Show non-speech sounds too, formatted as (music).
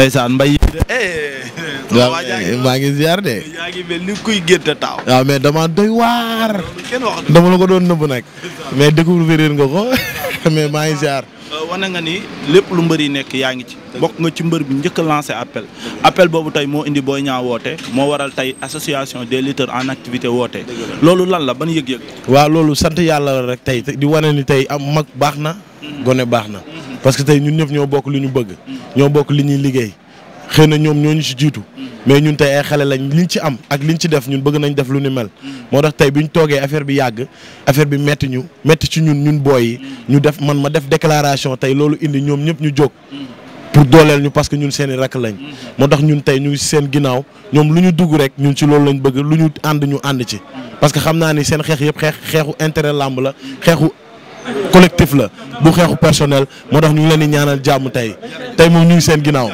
ndeysaan mbay yi de. Eh, (laughs) maa ngi ziar de. yaa ngi mel ni kuy gerte taaw. waaw mais dama doy waar. dama la ko doon nëbb nag. mais découvrir nga ko (laughs) mais maa ngi ziar. Euh, wane nga ni lépp lu mbër yi nekk yaa ngi ci. bokk nga ci mbër bi njëkk a lancé appel. appel boobu tey moo indi Boy Niang woote moo waral tey association des lutteurs en activité woote. loolu lan la ban yëg-yëg. waaw loolu sant yàlla rek tey di wane ni tey am mag baax na. Hmm. gone baax na. parce que tey ñun ñëpp ñoo bokk lu ñu bëgg. ñoo bokk li ñuy liggéey xëy na ñoom ñoo ñu ci jiitu. mais ñun tey ay xale lañ liñ ci am ak liñ ci def ñun bëgg nañu def lu ni mel. moo tax tey bi ñu toogee affaire bi yàgg affaire bi metti ñu metti ci ñun ñun booy yi. ñu def man ma def déclaration tey loolu indi ñoom ñëpp ñu jóg. pour dooleel ñu parce que ñun seen i rakk lañ. moo tax ñun tey ñu ngi seen ginnaaw ñoom lu ñu dugg rek ñun ci loolu lañ bëgg lu ñu ànd ñu ànd ci. parce que xam naa ni seen xeex yëpp xeex xeexu intérêt làmb la xeexu collectif la bu xeexu personnel moo tax ñu leen di ñaanal jàmm tey tey moom ñu seen ginnaaw.